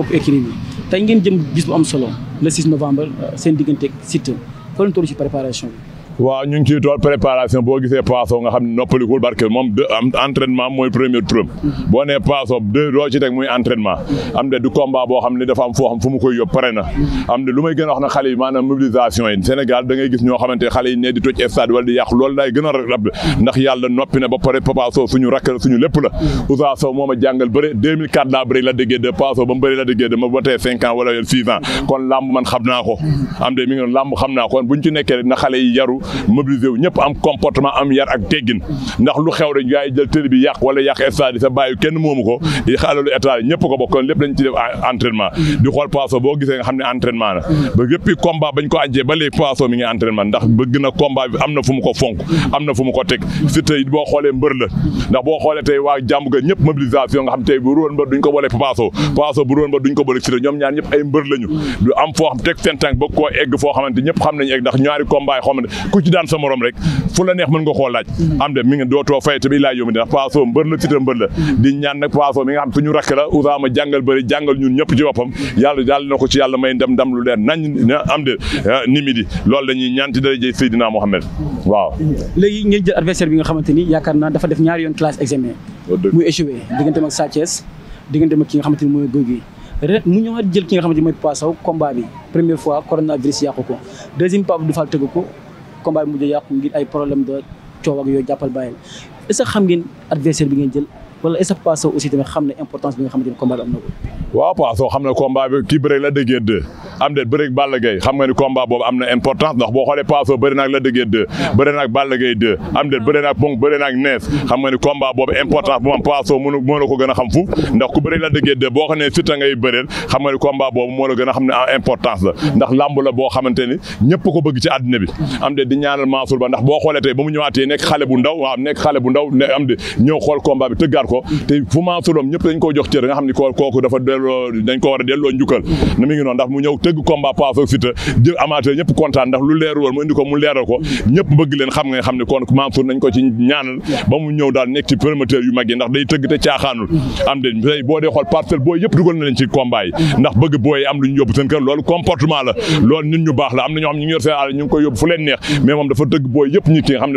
bopp écrit bi tey ngeen jëm bis bu am solo le 6 novembre euh, seen diggante ak Siteu fa lañ préparation bi waaw ñu ngi ciy tool préparation boo gisee paaso nga xam ne noppalikul barke moom am entraînement mooy premier turam boo nee paaso deux doo ci teg muy entraînement am de du combat xam ne dafa am foo xam fu mu koy yóbbu pare am de lu may gën a wax na xale yi maanaam mobilisation yi Sénégal da ngay gis ñoo xamante xale yi ne di toj stade wala di yàqu loolu laay gën a rab ndax yàlla noppi ba pare suñu rakk la suñu lépp la Ousa Sow moom a jàngal bëri 2004 laa bëri la déggee de Paaso ba mu bëri la déggee de ma ba tey cinq ans wala six ans kon lamb xam naa ko am de ci nekkee na xale yi yaru mobilisé wu ñëpp am comportement am yar ak teggin ndax lu xew rek yaay jël sa bàyyi kenn moomu ko alalu état yi ñëpp ko bokkoon lépp dañ ci def entraînement ba ko ajjee ba léegi poisson na combat bi am na fu mu ko fonk am na fu xam tey bu ñëpp am foo xam teg seen egg ndax ñaari combat yi ku ci daan sa morom rek fu la neex nga koo laaj am de mi ngi jël adversaire nga xamante mooy Gouye Gui mu ñëwaat jël ki nga xamante mooy Papa Sow bi première fois coronavirus yàqu ko deuxième Pape Abdou Fall tëgg ko combat bi mujj yàqu ngir ay problème de coow yooyu jàppal bàyyil est-ce que xam ngeen adversaire bi ngeen jël wala est-ce que aussi tamit xam ne importance bi nga xam ni combat bi am na ko. waaw Paaso xam ne combat bi kii la déggee am déet bëri ak Balla Gaye xam nga ni combat boobu am na importance ndax boo xoolee Paaso bëri naag Lac de Guiers 2 bëri naag Balla Gaye 2 am déet bëri naag Pong Nees xam nga ni combat boobu importance bu ma am moo la ko gën a xam fu ndax ku boo xam ne a ko bëgg ci àddina am déet ñaanal Mansour Ba ndax boo xoolee tey ba mu ñëwaatee nekk xale bu ndaw nekk xale bu ndaw am de ñëw xool combat bi tëggaat ko te fu Mansour Ba dañ koo jox cër nga xam ni kooku dafa delloo dañ ko war dëgg combat poids foofu Siteu jël amateur kontaan ndax lu leer woon mu indi ko mu leeral ko ñëpp bëgg leen xam nga xam ne kon Mansour nañ ko ci ñaanal ba mu ñëw daal nekk ci promoteur yu mag ndax day tëgg te caaxaanul am de boo dee xool parcelle booy yëpp dugal na ci combat yi ndax bëgg booy am lu ñu yóbbu seen kër loolu comportement la loolu nit ñu baax la am na ñoo xam ñu yor seen àll ñu koy yóbbu fu leen neex mais dafa tëgg booy yëpp nit ki xam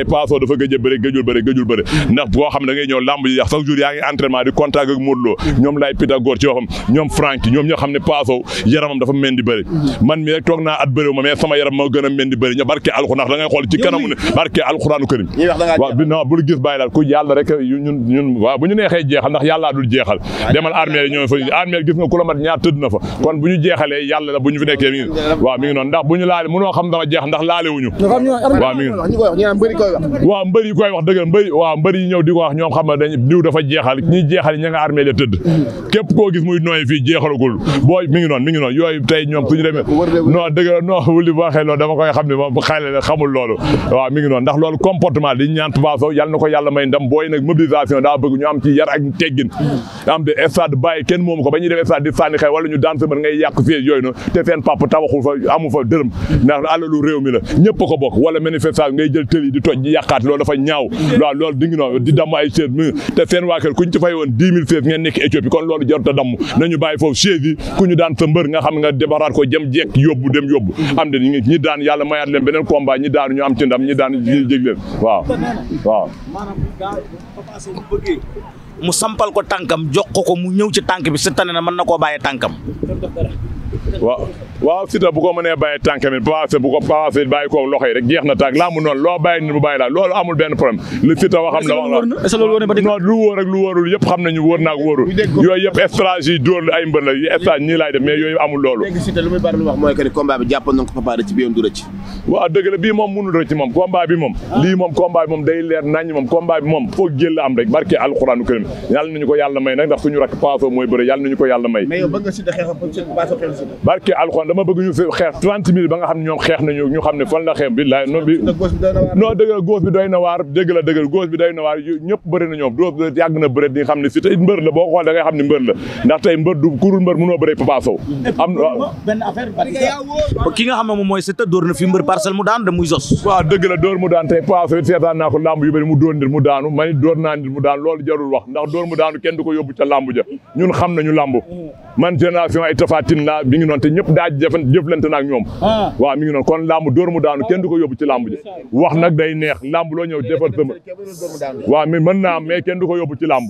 tey paasoo dafa gëj a bëri gëjul bëri gëjul ndax koo xam ne da ngay ñëw yaa ngi entraînement di contact ak Modou Lo ñoom laay Pythagore ci waxam ñoom Franck ñoom ñoo xam ne paasoo yaramam dafa mel di man mi rek toog naa at bëriwu ma mais sama yaram moo gën a mel di barke alxuraan da ngay xool ci ne barke jeexal ndax yàllaa dul jeexal demal armée gis nga ku la mat ñaar tëdd na fa kon bu ñu jeexalee yàlla la fi nekkee mi ngi waaw mi ngi ndax bu koy wax waaw mbër yi koy wax dëgg mbëri waaw mbër yi ñëw di ko wax ñoom xam na dañ diw dafa jeexal ñi jeexal ña nga armée la tëdd képp gis muy nooy fii jeexalagul boo mi ngi noonu mi ngi yooyu tey ñoom suñu demee xamul loolu waaw mi ngi ndax loolu comportement di ñaan Papa Sow na ko yàlla may ndam booy nag mobilisation daa bëgg ñu am ci yar ak teggin am de stade bàyyi kenn moomu ko ba ñuy def stade di sànni xëy wala ñu daan sëmër ngay yàq siège yooyu noonu te seen papa tabaxul mi la ñëpp ko bokk wala manifestation ngay jël tëli toj ñu yàqaat loolu dafa ñaaw waaw loolu di ngi noonu di damm ay chaise mi te seen waa kër ku ñu ci fay woon dix mille chaise ngeen nekk Éthiopie kon loolu jarut a damm nañu bàyyi foofu chaise yi ku ñu daan sa mbër nga xam nga débaraat ko jëm jekk yóbbu dem yóbbu am de ñi daan yàlla mayaat leen beneen combat ñi daan ñu am ci ñi daan ñi leen mu sampal ko tànkam jox ko ko mu ñëw ci tànk bi si tane na man na koo bàyyee tànkam waaw waaw Siteu bu ko mënee bàyyi tànkam it passé bu ko passé loxo yi rek jeex na tànk laa mu loo bàyyi nit mu laa loolu amul benn problème li Siteu la wax la non lu wóor lu wóorul yëpp xam nañu wóor naak wóorul yooyu yëpp stratégie dóor ay mbër la yi stratégie ñii mais yooyu amul loolu lu muy bari lu wax mooy que ni bi moom ah. lii moom combat bi moom day leer nañ moom combat bi moom foog jël am rek barke alxuraanu karim yàlla nañu ko yàlla barke alxuraan dama bëgg ñu fi xeex trente mille ba nga xam ne ñoom xeex nañu ñu xam ne fan la xeex na waar dëgg la dëgg la góos bi doy na waar ñëpp bëri na ñoom góos bi yàgg na bëri di xam ne fi tey mbër la boo xool da ngay xam ne mbër la ndax tey mbër du kurul mbër ki nga xam ne mooy Siteu dóor fi mbër parcelle mu daan da muy jos waaw dëgg la dóor naa ko lamb yu bëri mu dóor ndir mu daanu ma ni dóor naa ndir mu daanu loolu jarul wax ndax dóor mu daanu kenn du ko yóbbu ca lamb ja ñun xam nañu lamb man génération mi ngi noonu te ñëpp daa jëfan jëflante na ñoom ah. waaw mi ngi kon làmb dóor mu daanu kenn du ko yóbbu ci làmb ji day neex làmb loo ñëw defar sama waaw mais mën naa mais kenn du ko yóbbu ci làmb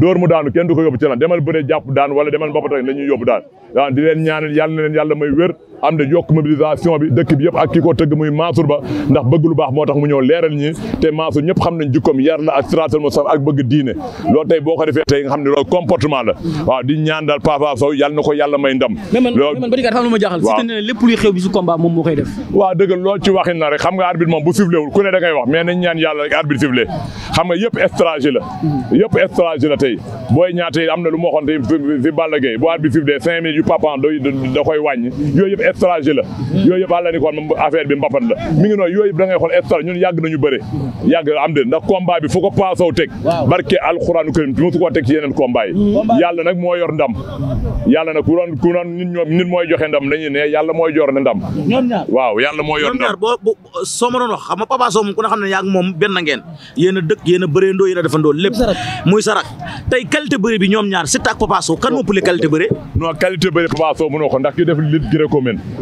dóor mu daanu kenn du ko yóbbu ci làmb demal bëre jàpp daan wala demal mbapat rek la ñuy yóbbu daan waaw di leen ñaanal may wér am na yokk mobilisation bi dëkk bi yëpp ak ki ko tëgg muy Mansour Ba ndax bëgg lu baax moo tax mu ñëw leeral ñi te Mansour ñëpp xam nañ jukkoom yar la ak siraatal mustaqiim ak bëgg diine loolu tey boo ko defee tey xam nga arbitre moom bu siflewul ku ne da wax mais nañ ñaan yàlla rek arbitre sifle xam nga yëpp stratégie la mhm. yëpp stratégie la tey booy ñaatey am na lu ma waxoon tey si Balla Gaye bu arbitre sifle cinq minutes yu papan da koy wàññi stratégie la yooyu yëpp àlla ni kon affaire bi mbapat la mi ngi noonu yooyu yëpp da ngay xool stratégie ñun yàgg nañu bëre yàgg am de ndax combat bi fu ko paasaw teg barke alxuraanu karim mosu koo teg ci yeneen combat yi yàlla nag moo yor ndam yàlla nag ku doon ku doon nit ñoom nit mooy joxe ndam dañuy ne mooy jor ndam waaw yàlla moo yor ndam soo xam nga papa ku ne xam ne yaa moom benn ngeen yéen a dëkk yéen a bëreendoo yéen a defandoo lépp muy sarak tey qualité bëre bi ñoom ñaar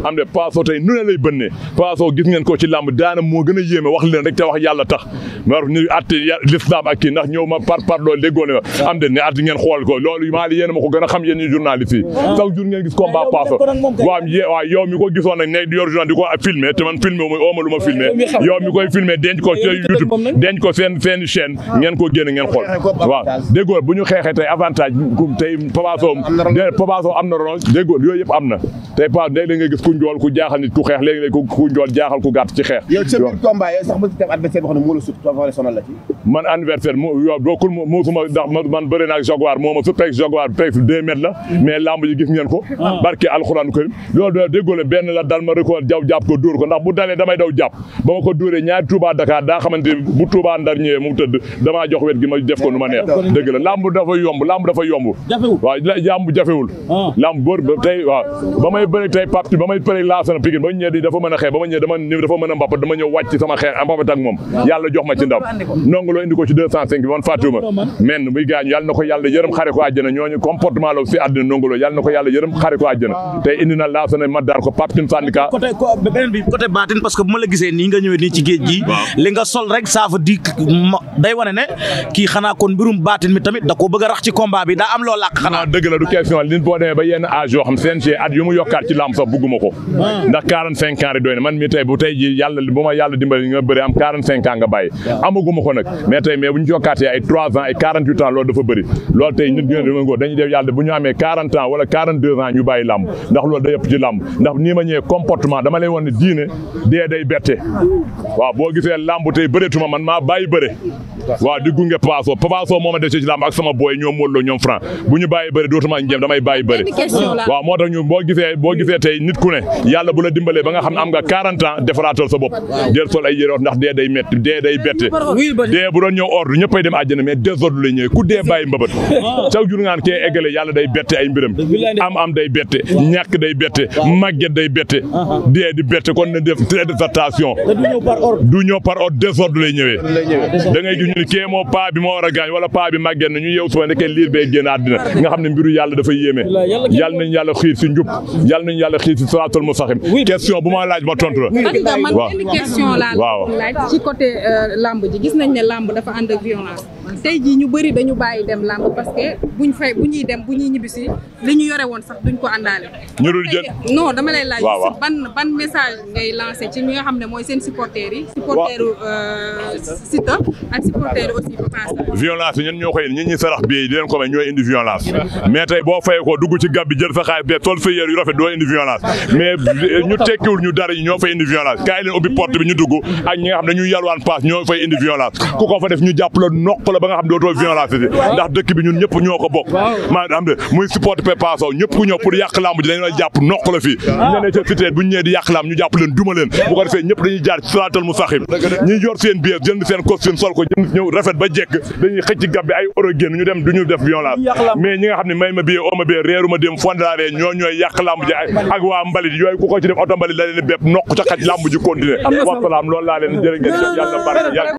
am de Paso tey nu ne lay bënnee gis ngeen ko ci làmb daana moo gën a yéeme wax leen rek te wax yàlla tax mar ñu atte l'islam ak kii ndax ñëw ma par par loolu déggoo ne ma am de ne atte ngeen xool ko loolu maa li yéen ma ko gën a xam yéen ñu journaliste yi chaque jour ngeen gis combat Paso waaw waaw yow mi ko gisoon nag ne yor journal di ko filmé te man filmé wu ma ooma lu ma filmé yow mi koy filmé denc ko ci YouTube denc ko seen seen ngeen ko génne ngeen bu ñu xeexee tey avantage tey Papa Sow Papa am na rono déggoo yooyu yëpp am na tey pas léegi nga gis ku njool ku jaaxal nit ku xeex léegi léegi ku njool jaaxal ku gàtt ci xeex. yow ci biir combat yow sax mos def adversaire boo xam ne moo la sut la ci. man adversaire mo yow bokkul mosuma ndax man bëri naa ak Jaguar moo ma su peeg Jaguar peeg deux la mais lamb ji ko ah. barke da déggoo la benn la ko ndax bu dalee damay daw jàpp ba ma ko dóoree ñaari Touba Dakar daa xamante bu Touba Ndar ñëwee mu tëdd damaa jox wet gi ma def ko nu ma neex dëgg la lamb dafa yomb lamb dafa yomb waaw lamb jafewul ah. lamb bër tey waaw bëri tey Pape ba may bëri laasana Pikine ba ñëwee di dafa mën a xeex ba ma ñëwee dama ñëw dafa mën a mbappat dama ñëw wàcc sama xeex mbappat ak moom yàlla jox ma ci ndam nongu loo indi ko ci deux cent cinq bi man fàttiwuma men muy gaañu yàlla na ko yàlla yërëm xare ko àjjana ñooñu comportement la si àddina nongu loo yàlla na ko yàlla yërëm xare ko àjjana tey indi na laasana ma daan ko Pape Tine Sandika beneen bi côté baatin parce que bu ma la gisee nii nga ñëwee nii ci géej gi li nga sol rek ça veut dire day wane ne kii xanaa kon mbirum baatin mi tamit da ko bëgg a rax ci combat bi daa am loo làq xanaa dëgg la du question li boo demee ba yenn âge yoo xam seen at yu mu yokk yaakaar ci làmb sax bugguma ko ah. ndax quarante cinq ans rek doy na man mii tey bu tey ji yàlla bu ma yàlla dimbali nga bëri am quarante cinq ans nga bàyyi ah. amaguma ko nag mais tey mais bu ñu jokkaatee ay trois ans ay ma ñëwee comportement dama lay woon ne diine dee day damay bàyyi bëre waaw moo tax ñu boo gisee boo gisee tey nit ku ne yàlla bu la dimbalee ba nga xam ne am nga 40 ans defaraatal sa bopp jël sol ay yére ndax dee day métti dee day bette dee bu doon ñëw ordre ñëppay dem àjjana mais désordre lay ñëwee ku dee bàyyi mbabat caw jur ngaan kee eggale yàlla day bette ay mbiram am am day bette ñàkk day bette màgget day bette dee di bette kon na def très attention du ñëw par ordre désordre lay ñëwee da ngay gis ñu ni kee moo paa bi moo war a gaañ wala paa bi màgget na ñu yeew suba nekkee liir xam ne mbiru yàlla dafa yéeme yàlla nañ yàlla xiir yàlla nañu yàlla xiir si salaatul mustaqiim question bu ma laaj ma tontu la. waaw man benn question laa laaj ci côté euh, làmb ji gis nañ ne lamb dafa ànd ak violence. tey jii ñu bëri dañu bàyyi dem làmb parce que buñ fay bu ñuy dem bu ñibbisi li ñu yore woon sax duñ ko àndaale. ñu dul jël non dama lay laaj. si ban ban message ngay lancé ci ñi nga xam ne mooy seen supporters yi. supporteru euh, Siteu ak supporteru aussi Papa. violence violence boo fayee dugg ci gab bi jël sa xaalis bee tool sa yére yu rafet doo indi violence ñu tekkiwul ñu dara ñoo fay indi violence kaay leen ubbi porte bi ñu dugg ak ñi nga xam ne ñu yalwaan paas ñoo fay indi violence ku ko fa def ñu jàpp la noq la la ba nga xam dootoo violence yi ah. ndax dëkk bi ñun ñëpp ñoo ko bokk maanaam de muy supporté Papa Sow ku ñëw pour yàq lamb ji dañu la jàpp noq la ah. ñu ba jekk dañuy xëcc gab bi ay euro génn nga xam ne may ma biee oma biee réeru ma dem fondaare ñoo ñooy yàq lamb ji ak waa mbalit yooyu ku ko ci def oto mbalit la leen bépp noq ca xaj lamb ji continuer